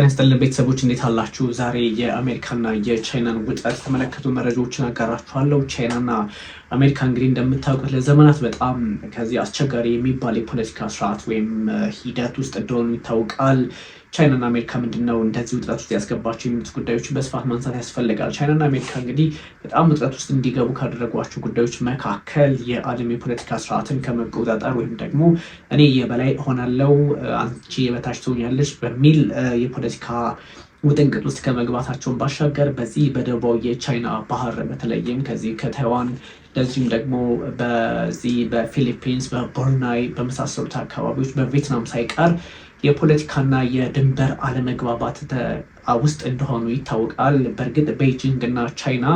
ጤና ይስጥልን ቤተሰቦች እንዴት አላችሁ? ዛሬ የአሜሪካና የቻይናን ውጥረት የተመለከቱ መረጃዎችን አጋራችኋለሁ። ቻይናና አሜሪካ እንግዲህ እንደምታውቁት ለዘመናት በጣም ከዚህ አስቸጋሪ የሚባል የፖለቲካ ስርዓት ወይም ሂደት ውስጥ እንደሆኑ ይታወቃል። ቻይናና አሜሪካ ምንድን ነው እንደዚህ ውጥረት ውስጥ ያስገባቸው የሚሉት ጉዳዮችን በስፋት ማንሳት ያስፈልጋል። ቻይናና አሜሪካ እንግዲህ በጣም ውጥረት ውስጥ እንዲገቡ ካደረጓቸው ጉዳዮች መካከል የዓለም የፖለቲካ ስርዓትን ከመቆጣጠር ወይም ደግሞ እኔ የበላይ እሆናለሁ፣ አንቺ የበታች ትሆኛለች በሚል የፖለቲካ ውጥንቅጥ ውስጥ ከመግባታቸውን ባሻገር በዚህ በደቡባዊ የቻይና ባህር በተለይም ከዚህ ከታይዋን እንደዚሁም ደግሞ በዚህ በፊሊፒንስ በቦርናይ በመሳሰሉት አካባቢዎች በቪትናም ሳይቀር የፖለቲካና የድንበር አለመግባባት ውስጥ እንደሆኑ ይታወቃል። በእርግጥ ቤጂንግ እና ቻይና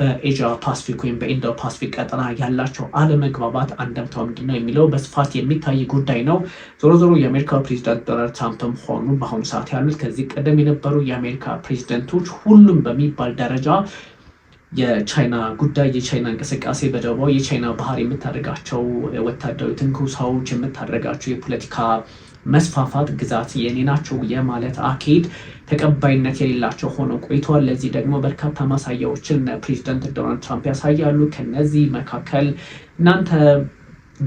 በኤዥያ ፓስፊክ ወይም በኢንዶ ፓስፊክ ቀጠና ያላቸው አለመግባባት አንደምታው ምንድን ነው የሚለው በስፋት የሚታይ ጉዳይ ነው። ዞሮ ዞሮ የአሜሪካ ፕሬዚዳንት ዶናልድ ትራምፕም ሆኑ በአሁኑ ሰዓት ያሉት ከዚህ ቀደም የነበሩ የአሜሪካ ፕሬዚደንቶች ሁሉም በሚባል ደረጃ የቻይና ጉዳይ የቻይና እንቅስቃሴ በደቦ የቻይና ባህር የምታደርጋቸው ወታደራዊ ትንኮሳዎች የምታደርጋቸው የፖለቲካ መስፋፋት ግዛት የኔ ናቸው የማለት አካሄድ ተቀባይነት የሌላቸው ሆኖ ቆይተዋል። ለዚህ ደግሞ በርካታ ማሳያዎችን ፕሬዚደንት ዶናልድ ትራምፕ ያሳያሉ። ከነዚህ መካከል እናንተ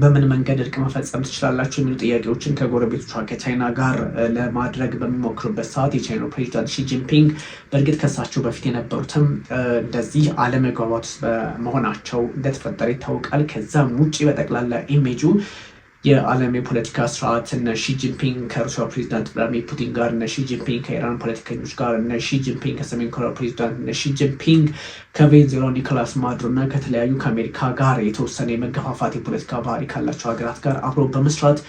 በምን መንገድ እርቅ መፈጸም ትችላላችሁ የሚሉ ጥያቄዎችን ከጎረቤቶቿ ከቻይና ጋር ለማድረግ በሚሞክሩበት ሰዓት የቻይና ፕሬዚዳንት ሺጂንፒንግ በእርግጥ ከሳቸው በፊት የነበሩትም እንደዚህ አለመግባባት ውስጥ በመሆናቸው እንደተፈጠረ ይታወቃል። ከዛም ውጭ በጠቅላላ ኢሜጁ የዓለም የፖለቲካ ስርዓት እነ ሺጂንፒንግ ከሩሲያ ፕሬዚዳንት ቭላድሚር ፑቲን ጋር እነ ሺጂንፒንግ ከኢራን ፖለቲከኞች ጋር እነ ሺጂንፒንግ ከሰሜን ኮሪያ ፕሬዚዳንት እነ ሺጂንፒንግ ከቬንዙዌላ ኒኮላስ ማዱሮ እና ከተለያዩ ከአሜሪካ ጋር የተወሰነ የመገፋፋት የፖለቲካ ባህሪ ካላቸው ሀገራት ጋር አብሮ በመስራት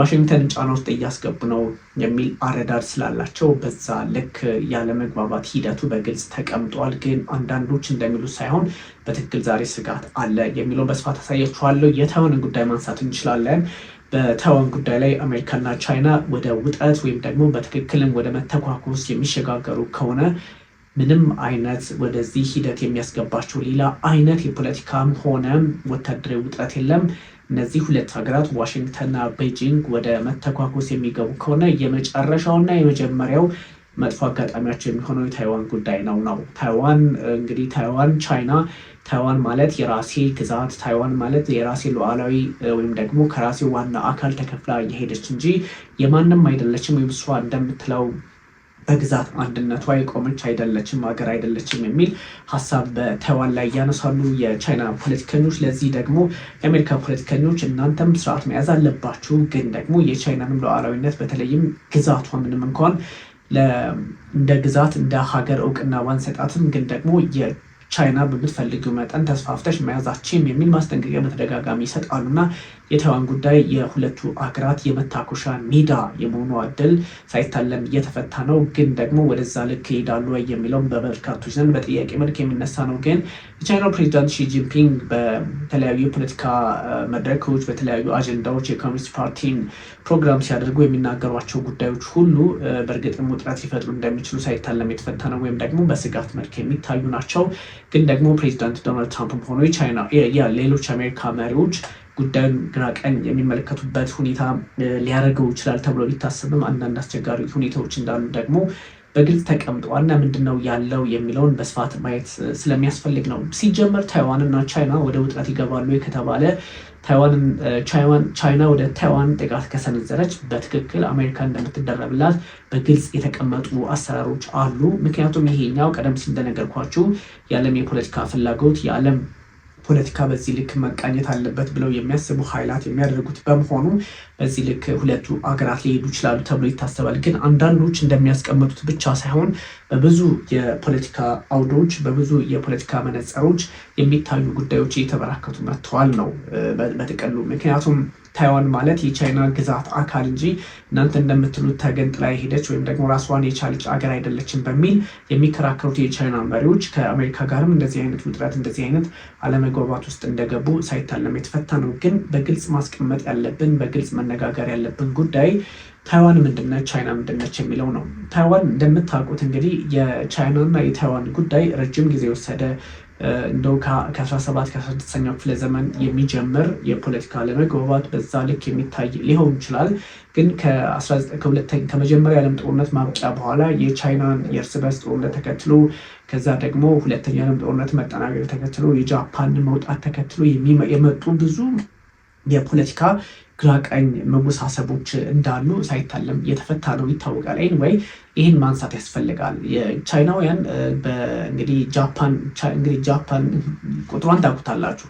ዋሽንግተን ጫና ውስጥ እያስገቡ ነው የሚል አረዳድ ስላላቸው በዛ ልክ ያለመግባባት ሂደቱ በግልጽ ተቀምጧል። ግን አንዳንዶች እንደሚሉ ሳይሆን በትክክል ዛሬ ስጋት አለ የሚለውን በስፋት አሳያችኋለሁ። የተወንን ጉዳይ ማንሳት እንችላለን። በተወን ጉዳይ ላይ አሜሪካና ቻይና ወደ ውጥረት ወይም ደግሞ በትክክልም ወደ መተኳኮስ የሚሸጋገሩ ከሆነ ምንም አይነት ወደዚህ ሂደት የሚያስገባቸው ሌላ አይነት የፖለቲካም ሆነም ወታደራዊ ውጥረት የለም። እነዚህ ሁለት ሀገራት ዋሽንግተንና ቤጂንግ ወደ መተኳኮስ የሚገቡ ከሆነ የመጨረሻውና የመጀመሪያው መጥፎ አጋጣሚያቸው የሚሆነው የታይዋን ጉዳይ ነው ነው ታይዋን እንግዲህ ታይዋን ቻይና ታይዋን ማለት የራሴ ግዛት ታይዋን ማለት የራሴ ሉዓላዊ ወይም ደግሞ ከራሴ ዋና አካል ተከፍላ እየሄደች እንጂ የማንም አይደለችም ወይም እሷ እንደምትለው በግዛት አንድነቷ የቆመች አይደለችም ሀገር አይደለችም የሚል ሀሳብ በታይዋን ላይ ያነሳሉ የቻይና ፖለቲከኞች። ለዚህ ደግሞ የአሜሪካ ፖለቲከኞች እናንተም ስርዓት መያዝ አለባችሁ፣ ግን ደግሞ የቻይናንም ሉዓላዊነት በተለይም ግዛቷ ምንም እንኳን እንደ ግዛት እንደ ሀገር እውቅና ባንሰጣትም ግን ደግሞ ቻይና በምትፈልገው መጠን ተስፋፍተሽ መያዛችም የሚል ማስጠንቀቂያ በተደጋጋሚ ይሰጣሉ እና የታይዋን ጉዳይ የሁለቱ አገራት የመታኮሻ ሜዳ የመሆኑ እድል ሳይታለም እየተፈታ ነው። ግን ደግሞ ወደዛ ልክ ይሄዳሉ ወይ የሚለውም በበርካቶች ዘንድ በጥያቄ መልክ የሚነሳ ነው። ግን የቻይናው ፕሬዚዳንት ሺጂንፒንግ በተለያዩ የፖለቲካ መድረኮች፣ በተለያዩ አጀንዳዎች የኮሚኒስት ፓርቲን ፕሮግራም ሲያደርጉ የሚናገሯቸው ጉዳዮች ሁሉ በእርግጥም ውጥረት ሊፈጥሩ እንደሚችሉ ሳይታለም የተፈታ ነው ወይም ደግሞ በስጋት መልክ የሚታዩ ናቸው። ግን ደግሞ ፕሬዚዳንት ዶናልድ ትራምፕም ሆኖ የቻይና ሌሎች አሜሪካ መሪዎች ጉዳዩን ግራ ቀኝ የሚመለከቱበት ሁኔታ ሊያደርገው ይችላል ተብሎ ሊታሰብም አንዳንድ አስቸጋሪ ሁኔታዎች እንዳሉ ደግሞ በግልጽ ተቀምጠዋል እና ምንድን ነው ያለው የሚለውን በስፋት ማየት ስለሚያስፈልግ ነው። ሲጀመር ታይዋንና ቻይና ወደ ውጥረት ይገባሉ ከተባለ ቻይና ወደ ታይዋን ጥቃት ከሰነዘረች በትክክል አሜሪካ እንደምትደረብላት በግልጽ የተቀመጡ አሰራሮች አሉ። ምክንያቱም ይሄኛው ቀደም ሲል እንደነገርኳችሁ የዓለም የፖለቲካ ፍላጎት የዓለም ፖለቲካ በዚህ ልክ መቃኘት አለበት ብለው የሚያስቡ ኃይላት የሚያደርጉት በመሆኑ በዚህ ልክ ሁለቱ አገራት ሊሄዱ ይችላሉ ተብሎ ይታሰባል። ግን አንዳንዶች እንደሚያስቀምጡት ብቻ ሳይሆን በብዙ የፖለቲካ አውዶች፣ በብዙ የፖለቲካ መነጽሮች የሚታዩ ጉዳዮች እየተበራከቱ መጥተዋል ነው በጥቅሉ ምክንያቱም ታይዋን ማለት የቻይና ግዛት አካል እንጂ እናንተ እንደምትሉት ተገንጥላ ሄደች ወይም ደግሞ ራሷን የቻለች አገር አይደለችም በሚል የሚከራከሩት የቻይና መሪዎች ከአሜሪካ ጋርም እንደዚህ አይነት ውጥረት እንደዚህ አይነት አለመግባባት ውስጥ እንደገቡ ሳይታለም የተፈታ ነው። ግን በግልጽ ማስቀመጥ ያለብን በግልጽ መነጋገር ያለብን ጉዳይ ታይዋን ምንድነች፣ ቻይና ምንድነች የሚለው ነው። ታይዋን እንደምታውቁት እንግዲህ የቻይናና የታይዋን ጉዳይ ረጅም ጊዜ የወሰደ እንደው ከ 17 ከ16ኛው ክፍለ ዘመን የሚጀምር የፖለቲካ አለመግባባት በዛ ልክ የሚታይ ሊሆን ይችላል። ግን ከመጀመሪያ የዓለም ጦርነት ማብቂያ በኋላ የቻይናን የእርስ በርስ ጦርነት ተከትሎ ከዛ ደግሞ ሁለተኛ የዓለም ጦርነት መጠናቀቅ ተከትሎ የጃፓን መውጣት ተከትሎ የመጡ ብዙ የፖለቲካ ግራቀኝ መወሳሰቦች እንዳሉ ሳይታለም እየተፈታ ነው ይታወቃል። ወይ ይህን ማንሳት ያስፈልጋል። የቻይናውያን እንግዲህ ጃፓን ቁጥሯን ታውቁታላችሁ።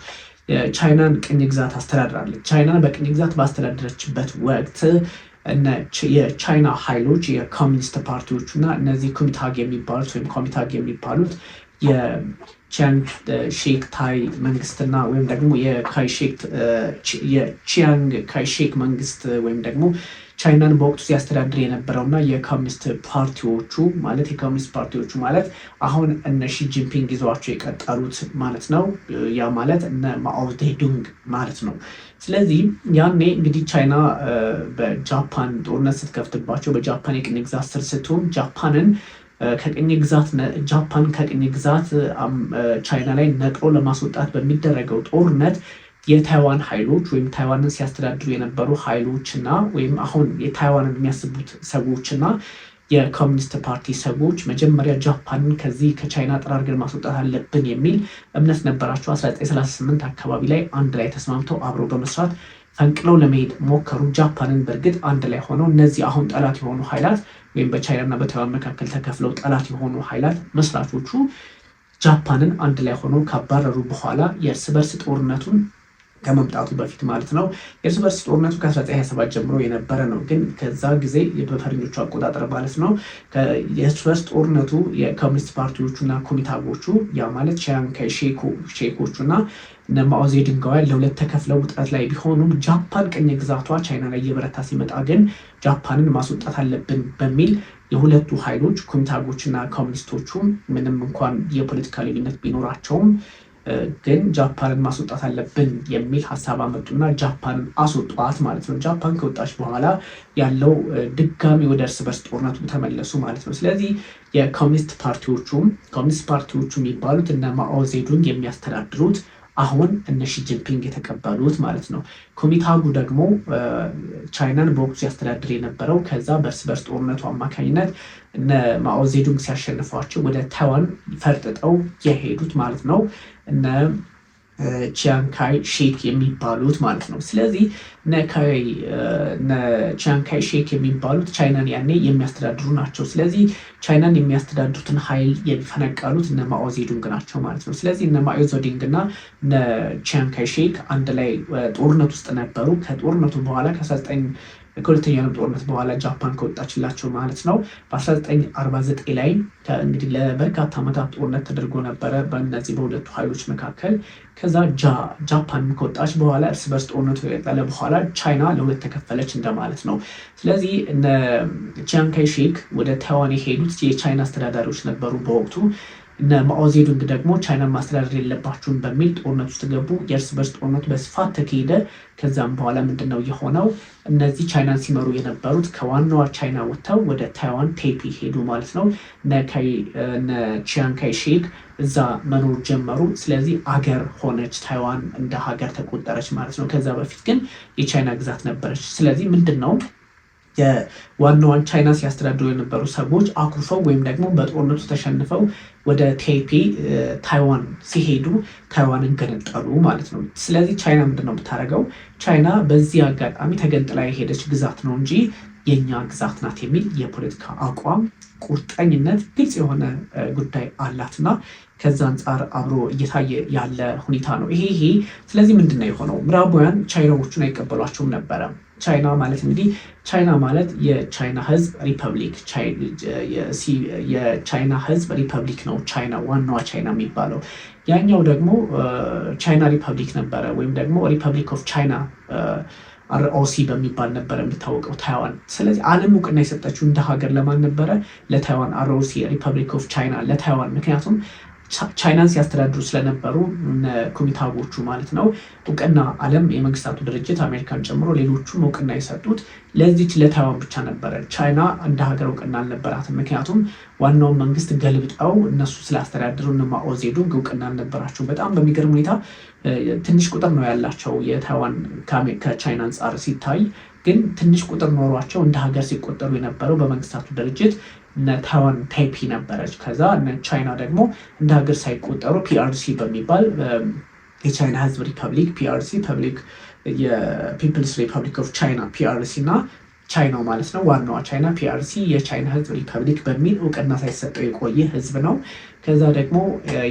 ቻይናን ቅኝ ግዛት አስተዳድራለች። ቻይናን በቅኝ ግዛት ባስተዳደረችበት ወቅት የቻይና ኃይሎች የኮሚኒስት ፓርቲዎቹ እና እነዚህ ኩሚታግ የሚባሉት ወይም ኮሚታግ የሚባሉት የቺያንግ ሼክ ታይ መንግስትና ወይም ደግሞ የቺያንግ ካይሼክ መንግስት ወይም ደግሞ ቻይናን በወቅቱ ሲያስተዳድር የነበረውና የኮሚኒስት ፓርቲዎቹ ማለት የኮሚኒስት ፓርቲዎቹ ማለት አሁን እነ ሺ ጂንፒንግ ይዘዋቸው የቀጠሉት ማለት ነው። ያ ማለት እነ ማኦዜዱንግ ማለት ነው። ስለዚህ ያኔ እንግዲህ ቻይና በጃፓን ጦርነት ስትከፍትባቸው በጃፓን የቅኝ ግዛት ስር ስትሆን ጃፓንን ከቅኝ ግዛት ጃፓን ከቅኝ ግዛት ቻይና ላይ ነቅሮ ለማስወጣት በሚደረገው ጦርነት የታይዋን ኃይሎች ወይም ታይዋንን ሲያስተዳድሩ የነበሩ ኃይሎችና ወይም አሁን የታይዋንን የሚያስቡት ሰዎችና የኮሚኒስት ፓርቲ ሰዎች መጀመሪያ ጃፓንን ከዚህ ከቻይና ጠራርገን ማስወጣት አለብን የሚል እምነት ነበራቸው። 1938 አካባቢ ላይ አንድ ላይ ተስማምተው አብረው በመስራት ፈንቅለው ለመሄድ ሞከሩ። ጃፓንን በእርግጥ አንድ ላይ ሆነው እነዚህ አሁን ጠላት የሆኑ ኃይላት ወይም በቻይና በታይዋን መካከል ተከፍለው ጠላት የሆኑ ኃይላት መስራቾቹ ጃፓንን አንድ ላይ ሆነው ካባረሩ በኋላ የእርስ በርስ ጦርነቱን ከመምጣቱ በፊት ማለት ነው። የእርስ በርስ ጦርነቱ ከ1927 ጀምሮ የነበረ ነው። ግን ከዛ ጊዜ በፈረንጆቹ አቆጣጠር ማለት ነው የእርስ በርስ ጦርነቱ የኮሚኒስት ፓርቲዎቹ እና ኮሚታቦቹ ያ ማለት ቺያንግ ካይ ሼኮቹ እና እነ ማኦዜ ድንጋውያን ለሁለት ተከፍለው ውጥረት ላይ ቢሆኑም ጃፓን ቅኝ ግዛቷ ቻይና ላይ እየበረታ ሲመጣ ግን ጃፓንን ማስወጣት አለብን በሚል የሁለቱ ኃይሎች ኮሚታቦች ኮሚታጎችና ኮሚኒስቶቹ ምንም እንኳን የፖለቲካ ልዩነት ቢኖራቸውም ግን ጃፓንን ማስወጣት አለብን የሚል ሀሳብ አመጡና ጃፓንን አስወጧት ማለት ነው። ጃፓን ከወጣች በኋላ ያለው ድጋሚ ወደ እርስ በርስ ጦርነቱ ተመለሱ ማለት ነው። ስለዚህ የኮሚኒስት ፓርቲዎቹም ኮሚኒስት ፓርቲዎቹ የሚባሉት እነ ማኦ ዜዱንግ የሚያስተዳድሩት አሁን እነ ጂንፒንግ የተቀበሉት ማለት ነው። ኮሚታጉ ደግሞ ቻይናን በወቅቱ ሲያስተዳድር የነበረው ከዛ በርስ በርስ ጦርነቱ አማካኝነት እነ ማኦዜዱንግ ሲያሸንፏቸው ወደ ታይዋን ፈርጥጠው የሄዱት ማለት ነው እነ ቺያንካይ ሼክ የሚባሉት ማለት ነው። ስለዚህ ቺያንካይ ሼክ የሚባሉት ቻይናን ያኔ የሚያስተዳድሩ ናቸው። ስለዚህ ቻይናን የሚያስተዳድሩትን ኃይል የፈነቀሉት እነ ማኦዜዱንግ ናቸው ማለት ነው። ስለዚህ እነ ማኦዜዱንግ እና ቺያንካይ ሼክ አንድ ላይ ጦርነት ውስጥ ነበሩ። ከጦርነቱ በኋላ ከ ከሁለተኛ ዓለም ጦርነት በኋላ ጃፓን ከወጣችላቸው ማለት ነው። በ1949 ላይ እንግዲህ ለበርካታ ዓመታት ጦርነት ተደርጎ ነበረ በእነዚህ በሁለቱ ኃይሎች መካከል። ከዛ ጃፓን ከወጣች በኋላ እርስ በርስ ጦርነቱ ከቀጠለ በኋላ ቻይና ለሁለት ተከፈለች እንደማለት ነው። ስለዚህ ቺያንካይ ሼክ ወደ ታይዋን የሄዱት የቻይና አስተዳዳሪዎች ነበሩ በወቅቱ እነ ማኦዜዱንግ ደግሞ ቻይናን ማስተዳደር የለባችሁም በሚል ጦርነት ውስጥ ገቡ። የእርስ በርስ ጦርነቱ በስፋት ተካሄደ። ከዛም በኋላ ምንድን ነው የሆነው? እነዚህ ቻይናን ሲመሩ የነበሩት ከዋናዋ ቻይና ወጥተው ወደ ታይዋን ቴፒ ሄዱ ማለት ነው። ቺያንካይ ሼክ እዛ መኖር ጀመሩ። ስለዚህ አገር ሆነች ታይዋን፣ እንደ ሀገር ተቆጠረች ማለት ነው። ከዛ በፊት ግን የቻይና ግዛት ነበረች። ስለዚህ ምንድን ነው የዋናዋን ቻይና ሲያስተዳድሩ የነበሩ ሰዎች አኩርፈው ወይም ደግሞ በጦርነቱ ተሸንፈው ወደ ቴፒ ታይዋን ሲሄዱ ታይዋንን ገነጠሉ ማለት ነው። ስለዚህ ቻይና ምንድን ነው የምታደርገው? ቻይና በዚህ አጋጣሚ ተገንጥላ የሄደች ግዛት ነው እንጂ የእኛ ግዛት ናት የሚል የፖለቲካ አቋም ቁርጠኝነት፣ ግልጽ የሆነ ጉዳይ አላትና ከዛ አንጻር አብሮ እየታየ ያለ ሁኔታ ነው ይሄ ይሄ። ስለዚህ ምንድን ነው የሆነው? ምዕራባውያን ቻይናዎቹን አይቀበሏቸውም ነበረ። ቻይና ማለት እንግዲህ ቻይና ማለት የቻይና ህዝብ ሪፐብሊክ የቻይና ህዝብ ሪፐብሊክ ነው። ቻይና ዋናዋ ቻይና የሚባለው ያኛው ደግሞ ቻይና ሪፐብሊክ ነበረ፣ ወይም ደግሞ ሪፐብሊክ ኦፍ ቻይና አርኦሲ በሚባል ነበረ የሚታወቀው ታይዋን። ስለዚህ ዓለም እውቅና የሰጠችው እንደ ሀገር ለማን ነበረ? ለታይዋን አርኦሲ ሪፐብሊክ ኦፍ ቻይና ለታይዋን። ምክንያቱም ቻይናን ሲያስተዳድሩ ስለነበሩ ኮሚታቦቹ ማለት ነው እውቅና ዓለም የመንግስታቱ ድርጅት አሜሪካን ጨምሮ ሌሎቹም እውቅና የሰጡት ለዚች ለታይዋን ብቻ ነበረ። ቻይና እንደ ሀገር እውቅና አልነበራትም። ምክንያቱም ዋናውን መንግስት ገልብጠው እነሱ ስላስተዳድሩ እነ ማኦ ዜዱንግ እውቅና አልነበራቸው። በጣም በሚገርም ሁኔታ ትንሽ ቁጥር ነው ያላቸው የታይዋን ከቻይና አንጻር ሲታይ ግን ትንሽ ቁጥር ኖሯቸው እንደ ሀገር ሲቆጠሩ የነበረው በመንግስታቱ ድርጅት ታይዋን ታይፒ ነበረች። ከዛ ቻይና ደግሞ እንደ ሀገር ሳይቆጠሩ ፒአርሲ በሚባል የቻይና ህዝብ ሪፐብሊክ ፒአርሲ ፐብሊክ የፒፕልስ ሪፐብሊክ ኦፍ ቻይና ፒአርሲ እና ቻይናው ማለት ነው። ዋናዋ ቻይና ፒአርሲ የቻይና ህዝብ ሪፐብሊክ በሚል እውቅና ሳይሰጠው የቆየ ህዝብ ነው። ከዛ ደግሞ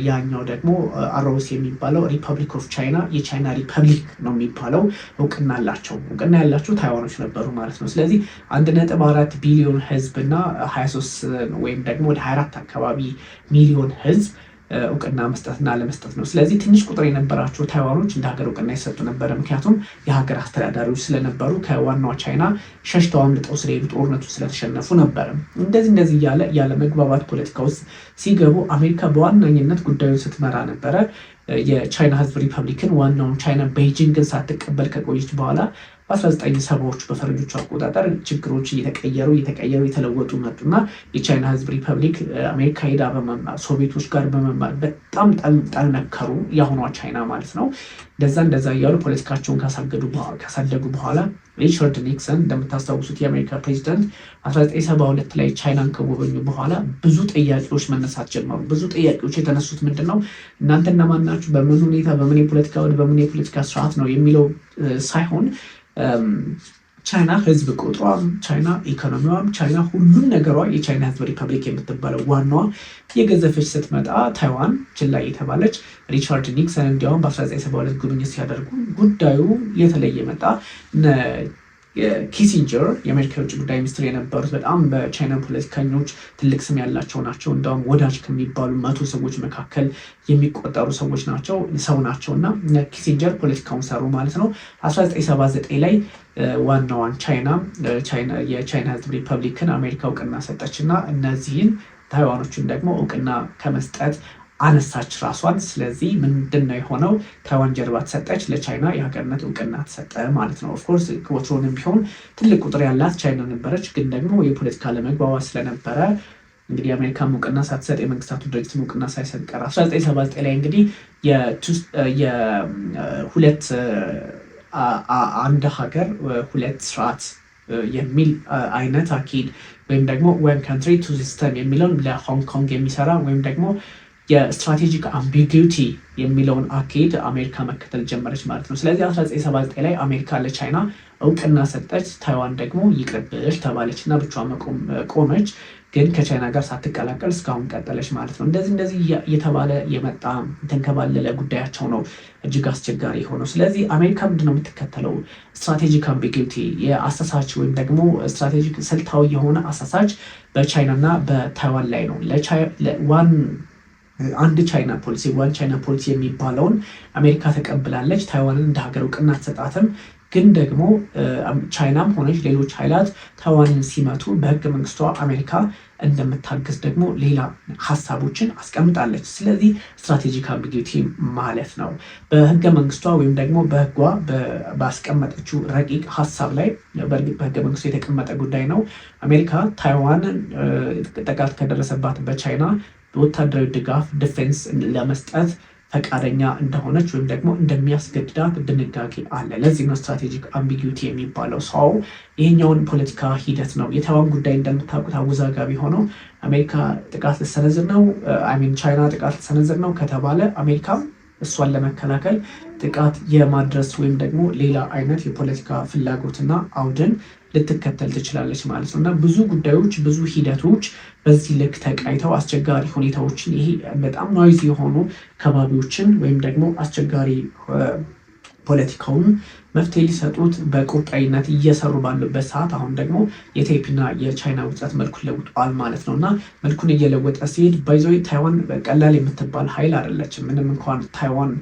ያኛው ደግሞ አሮስ የሚባለው ሪፐብሊክ ኦፍ ቻይና የቻይና ሪፐብሊክ ነው የሚባለው እውቅና አላቸው። እውቅና ያላቸው ታይዋኖች ነበሩ ማለት ነው። ስለዚህ አንድ ነጥብ አራት ቢሊዮን ህዝብ ሀያ 23 ወይም ደግሞ ወደ 24 አካባቢ ሚሊዮን ህዝብ እውቅና መስጠትና ለመስጠት ነው። ስለዚህ ትንሽ ቁጥር የነበራቸው ታይዋኖች እንደ ሀገር እውቅና ይሰጡ ነበረ። ምክንያቱም የሀገር አስተዳዳሪዎች ስለነበሩ ከዋናው ቻይና ሸሽተው አምልጠው ስለሄዱ ጦርነቱ ስለተሸነፉ ነበረ። እንደዚህ እንደዚህ እያለ ያለ መግባባት ፖለቲካ ውስጥ ሲገቡ አሜሪካ በዋናኝነት ጉዳዩን ስትመራ ነበረ። የቻይና ህዝብ ሪፐብሊክን ዋናውን ቻይና ቤጂንግን ሳትቀበል ከቆየች በኋላ በ19 ሰባዎች በፈረንጆቹ አቆጣጠር ችግሮች እየተቀየሩ እየተቀየሩ የተለወጡ መጡና የቻይና ህዝብ ሪፐብሊክ አሜሪካ ሄዳ በመማር ሶቪየቶች ጋር በመማር በጣም ጠነከሩ። የአሁኗ ቻይና ማለት ነው። እንደዛ እንደዛ እያሉ ፖለቲካቸውን ካሳደጉ በኋላ ሪቻርድ ኒክሰን እንደምታስታውሱት የአሜሪካ ፕሬዚዳንት 1972 ላይ ቻይናን ከጎበኙ በኋላ ብዙ ጥያቄዎች መነሳት ጀመሩ። ብዙ ጥያቄዎች የተነሱት ምንድን ነው እናንተ እነማን ናችሁ፣ በምን ሁኔታ፣ በምን የፖለቲካ በምን የፖለቲካ ስርዓት ነው የሚለው ሳይሆን ቻይና ህዝብ ቁጥሯም፣ ቻይና ኢኮኖሚዋም፣ ቻይና ሁሉም ነገሯ የቻይና ህዝብ ሪፐብሊክ የምትባለው ዋናዋ የገዘፈች ስትመጣ ታይዋን ችላ የተባለች። ሪቻርድ ኒክሰን እንዲያውም በ1972 ጉብኝት ሲያደርጉ ጉዳዩ የተለየ መጣ። ኪሲንጀር የአሜሪካ የውጭ ጉዳይ ሚኒስትር የነበሩት በጣም በቻይና ፖለቲከኞች ትልቅ ስም ያላቸው ናቸው። እንደውም ወዳጅ ከሚባሉ መቶ ሰዎች መካከል የሚቆጠሩ ሰዎች ናቸው ሰው ናቸው እና ኪሲንጀር ፖለቲካውን ሰሩ ማለት ነው። 1979 ላይ ዋናዋን ቻይና የቻይና ህዝብ ሪፐብሊክን አሜሪካ እውቅና ሰጠች እና እነዚህን ታይዋኖችን ደግሞ እውቅና ከመስጠት አነሳች ራሷን። ስለዚህ ምንድን ነው የሆነው? ታይዋን ጀርባ ተሰጠች፣ ለቻይና የሀገርነት እውቅና ተሰጠ ማለት ነው። ኦፍኮርስ ወትሮንም ቢሆን ትልቅ ቁጥር ያላት ቻይና ነበረች፣ ግን ደግሞ የፖለቲካ ለመግባባት ስለነበረ እንግዲህ የአሜሪካን እውቅና ሳትሰጥ የመንግስታቱ ድርጅት እውቅና ሳይሰጥ ቀረ። 1979 ላይ እንግዲህ የሁለት አንድ ሀገር ሁለት ስርዓት የሚል አይነት አኪድ ወይም ደግሞ ወን ካንትሪ ቱ ሲስተም የሚለውን ለሆንግ ኮንግ የሚሰራ ወይም ደግሞ የስትራቴጂክ አምቢጊቲ የሚለውን አካሄድ አሜሪካ መከተል ጀመረች ማለት ነው። ስለዚህ 1979 ላይ አሜሪካ ለቻይና እውቅና ሰጠች፣ ታይዋን ደግሞ ይቅርብሽ ተባለች እና ብቻዋን ቆመች። ግን ከቻይና ጋር ሳትቀላቀል እስካሁን ቀጠለች ማለት ነው። እንደዚህ እንደዚህ እየተባለ የመጣ ተንከባለለ ጉዳያቸው ነው እጅግ አስቸጋሪ የሆነው። ስለዚህ አሜሪካ ምንድነው ነው የምትከተለው? ስትራቴጂክ አምቢጊቲ የአሳሳች ወይም ደግሞ ስትራቴጂክ ስልታዊ የሆነ አሳሳች በቻይና እና በታይዋን ላይ ነው ዋን አንድ ቻይና ፖሊሲ ዋን ቻይና ፖሊሲ የሚባለውን አሜሪካ ተቀብላለች። ታይዋንን እንደ ሀገር እውቅና አትሰጣትም። ግን ደግሞ ቻይናም ሆነች ሌሎች ኃይላት ታይዋንን ሲመቱ በህገ መንግስቷ አሜሪካ እንደምታግዝ ደግሞ ሌላ ሀሳቦችን አስቀምጣለች። ስለዚህ ስትራቴጂክ አምቢጊቲ ማለት ነው። በህገ መንግስቷ ወይም ደግሞ በህጓ ባስቀመጠችው ረቂቅ ሀሳብ ላይ በእርግጥ በህገ መንግስቱ የተቀመጠ ጉዳይ ነው። አሜሪካ ታይዋን ጥቃት ከደረሰባት በቻይና በወታደራዊ ድጋፍ ዲፌንስ ለመስጠት ፈቃደኛ እንደሆነች ወይም ደግሞ እንደሚያስገድዳት ድንጋጌ አለ። ለዚህ ነው ስትራቴጂክ አምቢጊቲ የሚባለው። ሰው ይሄኛውን ፖለቲካ ሂደት ነው። የታይዋን ጉዳይ እንደምታውቁት አወዛጋቢ ሆነው አሜሪካ ጥቃት ልሰነዝር ነው አሚን ቻይና ጥቃት ልሰነዝር ነው ከተባለ አሜሪካ እሷን ለመከላከል ጥቃት የማድረስ ወይም ደግሞ ሌላ አይነት የፖለቲካ ፍላጎትና አውድን ልትከተል ትችላለች ማለት ነው እና ብዙ ጉዳዮች ብዙ ሂደቶች በዚህ ልክ ተቃይተው አስቸጋሪ ሁኔታዎችን ይሄ በጣም ኖይዝ የሆኑ ከባቢዎችን ወይም ደግሞ አስቸጋሪ ፖለቲካውን መፍትሄ ሊሰጡት በቁርጠኝነት እየሰሩ ባሉበት ሰዓት አሁን ደግሞ የቴፒና የቻይና ውጥረት መልኩን ለውጠዋል ማለት ነው እና መልኩን እየለወጠ ሲሄድ ባይዞ ታይዋን ቀላል የምትባል ሀይል አይደለችም። ምንም እንኳን ታይዋን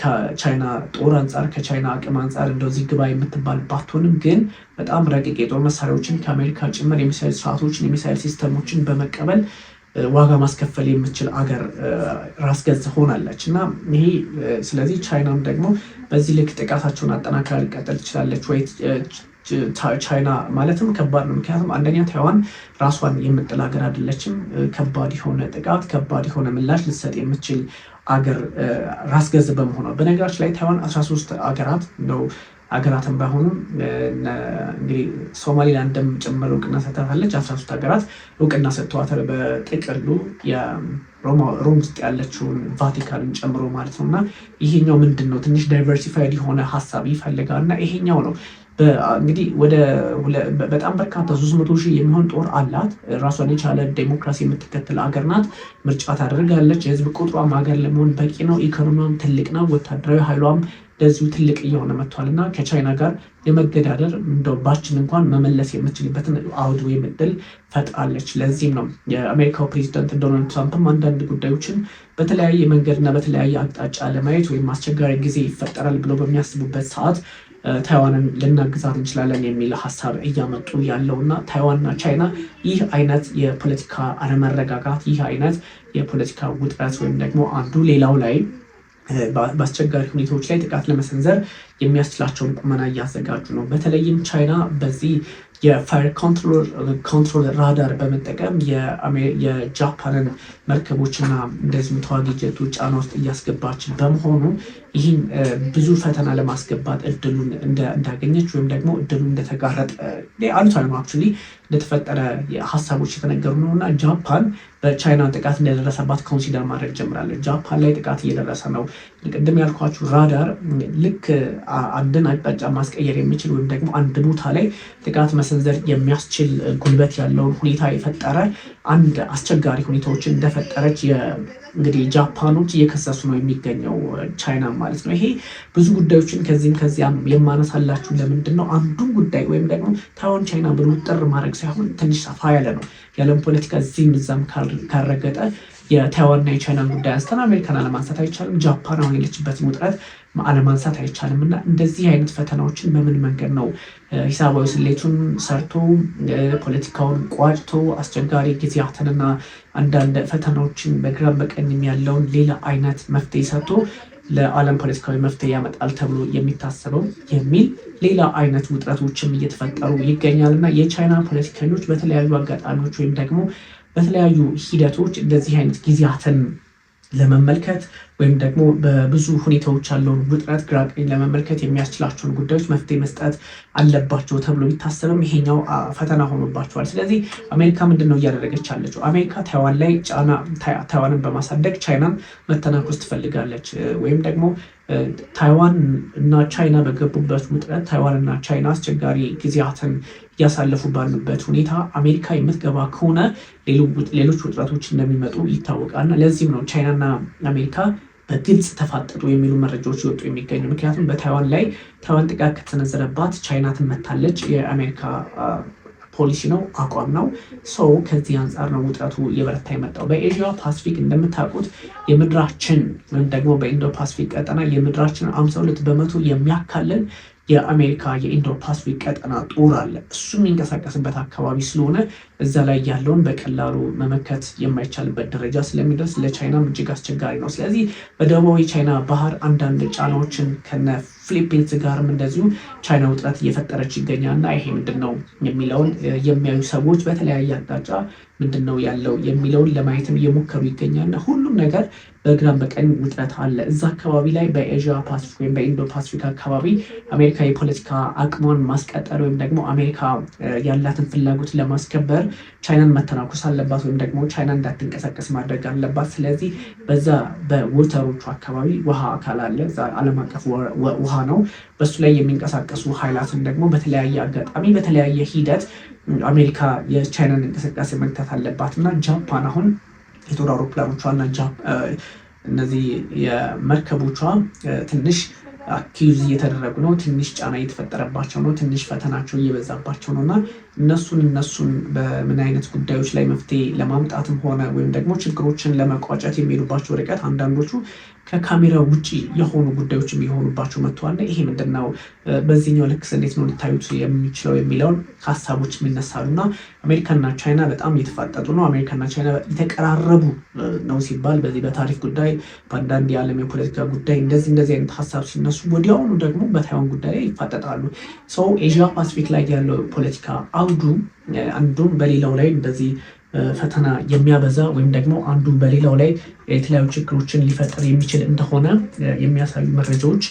ከቻይና ጦር አንጻር ከቻይና አቅም አንጻር እንደዚህ ግባ የምትባል ባትሆንም ግን በጣም ረቂቅ የጦር መሳሪያዎችን ከአሜሪካ ጭምር የሚሳይል ስርዓቶችን የሚሳይል ሲስተሞችን በመቀበል ዋጋ ማስከፈል የምችል አገር ራስ ገዝ ሆናለች እና ይሄ ስለዚህ ቻይናም ደግሞ በዚህ ልክ ጥቃታቸውን አጠናክራ ሊቀጠል ትችላለች ወይ? ቻይና ማለትም ከባድ ነው። ምክንያቱም አንደኛ ታይዋን ራሷን የምጥል ሀገር አይደለችም። ከባድ የሆነ ጥቃት ከባድ የሆነ ምላሽ ልትሰጥ የምችል ። አገር ራስ ገዝ በመሆኗ በነገራችን ላይ ታይዋን 13 አገራት ነው አገራትን ባይሆኑም እንግዲህ ሶማሌላንድም ጭምር እውቅና ሰጥታታለች። 13 ሀገራት እውቅና ሰጥተዋታል። በጥቅሉ ሮም ውስጥ ያለችውን ቫቲካንን ጨምሮ ማለት ነው። እና ይሄኛው ምንድን ነው ትንሽ ዳይቨርሲፋይድ የሆነ ሀሳብ ይፈልጋል እና ይሄኛው ነው እንግዲህ ወደ በጣም በርካታ ሶስት መቶ ሺህ የሚሆን ጦር አላት። ራሷን የቻለ ዴሞክራሲ የምትከተል አገር ናት። ምርጫ ታደርጋለች። የህዝብ ቁጥሯም ሀገር ለመሆን በቂ ነው። ኢኮኖሚዋም ትልቅ ነው። ወታደራዊ ኃይሏም ለዚሁ ትልቅ እየሆነ መጥቷል እና ከቻይና ጋር የመገዳደር እንደው ባችን እንኳን መመለስ የምችልበትን አውድ ወይም እድል ፈጥራለች። ለዚህም ነው የአሜሪካው ፕሬዚደንት ዶናልድ ትራምፕም አንዳንድ ጉዳዮችን በተለያየ መንገድና በተለያየ አቅጣጫ ለማየት ወይም አስቸጋሪ ጊዜ ይፈጠራል ብሎ በሚያስቡበት ሰዓት ታይዋንን ልናግዛት እንችላለን የሚል ሀሳብ እያመጡ ያለው እና ታይዋንና ቻይና ይህ አይነት የፖለቲካ አለመረጋጋት ይህ አይነት የፖለቲካ ውጥረት ወይም ደግሞ አንዱ ሌላው ላይ በአስቸጋሪ ሁኔታዎች ላይ ጥቃት ለመሰንዘር የሚያስችላቸውን ቁመና እያዘጋጁ ነው። በተለይም ቻይና በዚህ የፋይር ኮንትሮል ራዳር በመጠቀም የጃፓንን መርከቦችና እንደዚሁም ተዋጊ ጀቶች ጫና ውስጥ እያስገባች በመሆኑ ይህም ብዙ ፈተና ለማስገባት እድሉን እንዳገኘች ወይም ደግሞ እድሉን እንደተጋረጠ አሉታዊ ነው አክቹዋሊ እንደተፈጠረ ሀሳቦች የተነገሩ ነው እና ጃፓን በቻይና ጥቃት እንደደረሰባት ኮንሲደር ማድረግ ጀምራለች። ጃፓን ላይ ጥቃት እየደረሰ ነው። ቅድም ያልኳችሁ ራዳር ልክ አንድን አቅጣጫ ማስቀየር የሚችል ወይም ደግሞ አንድ ቦታ ላይ ጥቃት መሰንዘር የሚያስችል ጉልበት ያለውን ሁኔታ የፈጠረ አንድ አስቸጋሪ ሁኔታዎችን እንደፈጠረች እንግዲህ ጃፓኖች እየከሰሱ ነው የሚገኘው ቻይና ማለት ነው። ይሄ ብዙ ጉዳዮችን ከዚህም ከዚያም የማነሳላችሁ ለምንድን ነው አንዱን ጉዳይ ወይም ደግሞ ታይዋን ቻይና ብሎ ጥር ማድረግ ሳይሆን ትንሽ ሰፋ ያለ ነው። የዓለም ፖለቲካ እዚህም እዛም ካረገጠ የታይዋንና የቻይና ጉዳይ አንስተን አሜሪካን አለማንሳት አይቻልም። ጃፓን አሁን የለችበትን ውጥረት አለማንሳት አይቻልም። እና እንደዚህ አይነት ፈተናዎችን በምን መንገድ ነው ሂሳባዊ ስሌቱን ሰርቶ ፖለቲካውን ቋጭቶ አስቸጋሪ ጊዜያትንና አንዳንድ ፈተናዎችን በግራም በቀኝም ያለውን ሌላ አይነት መፍትሄ ሰጥቶ ለዓለም ፖለቲካዊ መፍትሄ ያመጣል ተብሎ የሚታሰበው የሚል ሌላ አይነት ውጥረቶችም እየተፈጠሩ ይገኛል እና የቻይና ፖለቲከኞች በተለያዩ አጋጣሚዎች ወይም ደግሞ በተለያዩ ሂደቶች እንደዚህ አይነት ጊዜያትን ለመመልከት ወይም ደግሞ በብዙ ሁኔታዎች ያለውን ውጥረት ግራቀኝ ለመመልከት የሚያስችላቸውን ጉዳዮች መፍትሄ መስጠት አለባቸው ተብሎ ቢታሰብም ይሄኛው ፈተና ሆኖባቸዋል። ስለዚህ አሜሪካ ምንድን ነው እያደረገች ያለችው? አሜሪካ ታይዋን ላይ ጫና ታይዋንን በማሳደግ ቻይናን መተናኮስ ትፈልጋለች ወይም ደግሞ ታይዋን እና ቻይና በገቡበት ውጥረት ታይዋን እና ቻይና አስቸጋሪ ጊዜያትን እያሳለፉ ባሉበት ሁኔታ አሜሪካ የምትገባ ከሆነ ሌሎች ውጥረቶች እንደሚመጡ ይታወቃል እና ለዚህም ነው ቻይናና አሜሪካ በግልጽ ተፋጠጡ የሚሉ መረጃዎች ይወጡ የሚገኙ። ምክንያቱም በታይዋን ላይ ታይዋን ጥቃት ከተሰነዘረባት ቻይና ትመታለች። የአሜሪካ ፖሊሲ ነው፣ አቋም ነው። ሰው ከዚህ አንጻር ነው ውጥረቱ እየበረታ የመጣው። በኤዥያ ፓሲፊክ እንደምታውቁት የምድራችን ወይም ደግሞ በኢንዶ ፓስፊክ ቀጠና የምድራችን ሁለት በመቶ የሚያካልል የአሜሪካ የኢንዶ ፓስፊክ ቀጠና ጦር አለ። እሱ የሚንቀሳቀስበት አካባቢ ስለሆነ እዛ ላይ ያለውን በቀላሉ መመከት የማይቻልበት ደረጃ ስለሚደርስ ለቻይናም እጅግ አስቸጋሪ ነው። ስለዚህ በደቡባዊ ቻይና ባህር አንዳንድ ጫናዎችን ከነ ፊሊፒንስ ጋርም እንደዚሁ ቻይና ውጥረት እየፈጠረች ይገኛልና ይሄ ምንድን ነው የሚለውን የሚያዩ ሰዎች በተለያየ አቅጣጫ ምንድን ነው ያለው የሚለውን ለማየትም እየሞከሩ ይገኛል። ሁሉም ነገር በግራም በቀኝ ውጥረት አለ። እዛ አካባቢ ላይ በኤዥያ ፓሲፊክ ወይም በኢንዶ ፓሲፊክ አካባቢ አሜሪካ የፖለቲካ አቅሟን ማስቀጠል ወይም ደግሞ አሜሪካ ያላትን ፍላጎት ለማስከበር ቻይናን መተናኮስ አለባት ወይም ደግሞ ቻይና እንዳትንቀሳቀስ ማድረግ አለባት። ስለዚህ በዛ በወተሮቹ አካባቢ ውሃ አካል አለ፣ ዓለም አቀፍ ውሃ ነው። በሱ ላይ የሚንቀሳቀሱ ኃይላትን ደግሞ በተለያየ አጋጣሚ በተለያየ ሂደት አሜሪካ የቻይናን እንቅስቃሴ መግታት አለባት እና ጃፓን አሁን የጦር አውሮፕላኖቿ እና እነዚህ የመርከቦቿ ትንሽ አኪዩዝ እየተደረጉ ነው። ትንሽ ጫና እየተፈጠረባቸው ነው። ትንሽ ፈተናቸው እየበዛባቸው ነው እና እነሱን እነሱን በምን አይነት ጉዳዮች ላይ መፍትሄ ለማምጣትም ሆነ ወይም ደግሞ ችግሮችን ለመቋጨት የሚሄዱባቸው ርቀት አንዳንዶቹ ከካሜራ ውጭ የሆኑ ጉዳዮች የሚሆኑባቸው መጥተዋልና ይሄ ምንድነው? በዚህኛው ልክስ እንዴት ነው ሊታዩት የሚችለው የሚለውን ሀሳቦች የሚነሳሉ እና አሜሪካና ቻይና በጣም እየተፋጠጡ ነው። አሜሪካና ቻይና የተቀራረቡ ነው ሲባል በዚህ በታሪፍ ጉዳይ፣ በአንዳንድ የዓለም የፖለቲካ ጉዳይ እንደዚህ እንደዚህ አይነት ሀሳብ ሲነሱ ወዲያውኑ ደግሞ በታይዋን ጉዳይ ላይ ይፋጠጣሉ። ሰው ኤዥያ ፓስፊክ ላይ ያለው ፖለቲካ አውዱ አንዱም በሌላው ላይ እንደዚህ ፈተና የሚያበዛ ወይም ደግሞ አንዱ በሌላው ላይ የተለያዩ ችግሮችን ሊፈጥር የሚችል እንደሆነ የሚያሳዩ መረጃዎች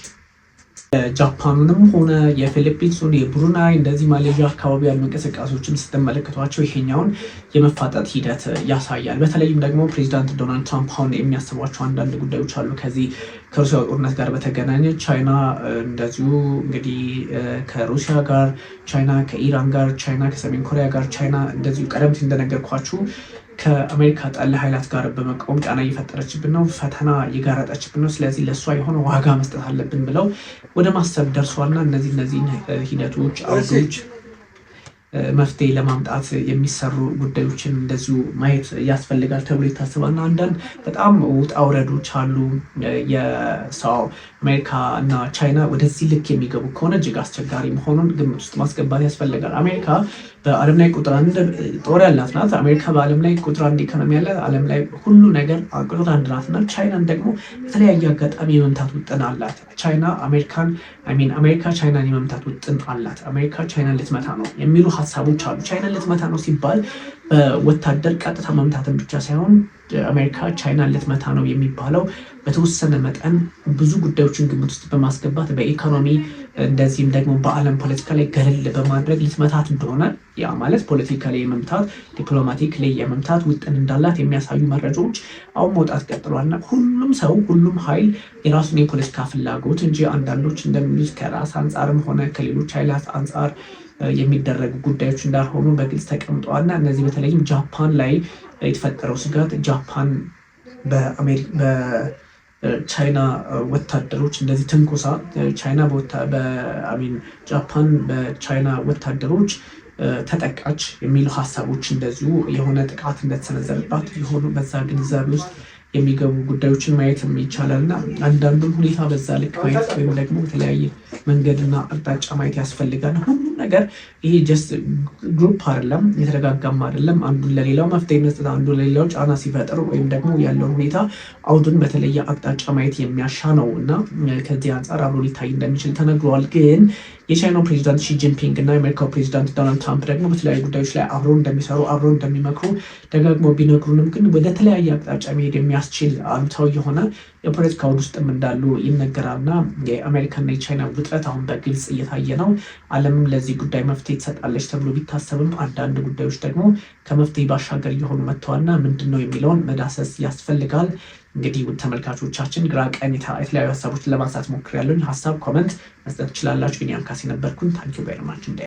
የጃፓኑንም ሆነ የፊሊፒንሱን የብሩናይ እንደዚህ ማሌዥያ አካባቢ ያሉ እንቅስቃሴዎችን ስትመለከቷቸው ይሄኛውን የመፋጠጥ ሂደት ያሳያል። በተለይም ደግሞ ፕሬዚዳንት ዶናልድ ትራምፕ አሁን የሚያስቧቸው አንዳንድ ጉዳዮች አሉ። ከዚህ ከሩሲያ ጦርነት ጋር በተገናኘ ቻይና እንደዚሁ እንግዲህ ከሩሲያ ጋር፣ ቻይና ከኢራን ጋር፣ ቻይና ከሰሜን ኮሪያ ጋር፣ ቻይና እንደዚሁ ቀደምት እንደነገርኳችሁ ከአሜሪካ ጠል ኃይላት ጋር በመቃወም ጫና እየፈጠረችብን ነው፣ ፈተና እየጋረጠችብን ነው፣ ስለዚህ ለእሷ የሆነ ዋጋ መስጠት አለብን ብለው ወደ ማሰብ ደርሷልና እነዚህ እነዚህ ሂደቶች አውዶች መፍትሄ ለማምጣት የሚሰሩ ጉዳዮችን እንደዚሁ ማየት ያስፈልጋል ተብሎ ይታሰባል እና አንዳንድ በጣም ውጣ ውረዶች አሉ። የሰው አሜሪካ እና ቻይና ወደዚህ ልክ የሚገቡ ከሆነ እጅግ አስቸጋሪ መሆኑን ግምት ውስጥ ማስገባት ያስፈልጋል። አሜሪካ በዓለም ላይ ቁጥር አንድ ጦር ያላት ናት። አሜሪካ በዓለም ላይ ቁጥር አንድ ኢኮኖሚ ያለ ዓለም ላይ ሁሉ ነገር ቁጥር አንድ ናት እና ቻይናን ደግሞ የተለያየ አጋጣሚ የመምታት ውጥን አላት። ቻይና አሜሪካን ሚን አሜሪካ ቻይናን የመምታት ውጥን አላት። አሜሪካ ቻይናን ልትመታ ነው የሚሉ ሀሳቦች አሉ። ቻይናን ልትመታ ነው ሲባል በወታደር ቀጥታ መምታትን ብቻ ሳይሆን አሜሪካ ቻይናን ልትመታ ነው የሚባለው በተወሰነ መጠን ብዙ ጉዳዮችን ግምት ውስጥ በማስገባት በኢኮኖሚ እንደዚህም ደግሞ በዓለም ፖለቲካ ላይ ገለል በማድረግ ልትመታት እንደሆነ ያ ማለት ፖለቲካ ላይ የመምታት ዲፕሎማቲክ ላይ የመምታት ውጥን እንዳላት የሚያሳዩ መረጃዎች አሁን መውጣት ቀጥሏልና ሁሉም ሰው ሁሉም ኃይል የራሱን የፖለቲካ ፍላጎት እንጂ አንዳንዶች እንደሚሉት ከራስ አንጻርም ሆነ ከሌሎች ኃይላት አንጻር የሚደረጉ ጉዳዮች እንዳልሆኑ በግልጽ ተቀምጠዋልና እነዚህ በተለይም ጃፓን ላይ የተፈጠረው ስጋት ጃፓን በአሜሪካ ቻይና ወታደሮች እንደዚህ ትንኮሳ ቻይና ጃፓን በቻይና ወታደሮች ተጠቃች የሚሉ ሀሳቦች እንደዚሁ የሆነ ጥቃት እንደተሰነዘረባት የሆኑ በዛ ግንዛቤ ውስጥ የሚገቡ ጉዳዮችን ማየት ይቻላል እና አንዳንዱን ሁኔታ በዛ ልክ ማየት ወይም ደግሞ የተለያየ መንገድና አቅጣጫ ማየት ያስፈልጋል። ሁሉም ነገር ይሄ ጀስት ግሩፕ አይደለም፣ የተረጋጋም አይደለም። አንዱን ለሌላው መፍትሄ መስጠት፣ አንዱ ለሌላው ጫና ሲፈጥር ወይም ደግሞ ያለውን ሁኔታ አውዱን በተለየ አቅጣጫ ማየት የሚያሻ ነው እና ከዚህ አንጻር አብሮ ሊታይ እንደሚችል ተነግሯል ግን የቻይናው ፕሬዚዳንት ሺጂንፒንግ እና የአሜሪካው ፕሬዚዳንት ዶናልድ ትራምፕ ደግሞ በተለያዩ ጉዳዮች ላይ አብረው እንደሚሰሩ አብረው እንደሚመክሩ ደጋግሞ ቢነግሩንም ግን ወደ ተለያየ አቅጣጫ መሄድ የሚያስችል አሉታዊ የሆነ የፖለቲካ ውድ ውስጥም እንዳሉ ይነገራልና የአሜሪካና የቻይና ውጥረት አሁን በግልጽ እየታየ ነው። ዓለምም ለዚህ ጉዳይ መፍትሄ ትሰጣለች ተብሎ ቢታሰብም አንዳንድ ጉዳዮች ደግሞ ከመፍትሄ ባሻገር እየሆኑ መጥተዋልና ምንድን ነው የሚለውን መዳሰስ ያስፈልጋል። እንግዲህ ውድ ተመልካቾቻችን ግራ ቀን የተለያዩ ሀሳቦችን ለማንሳት ያለን ሀሳብ ኮመንት መስጠት ትችላላችሁ። ቢኒያም ካሴ ነበርኩን። ታንኪ ቬሪ ማች።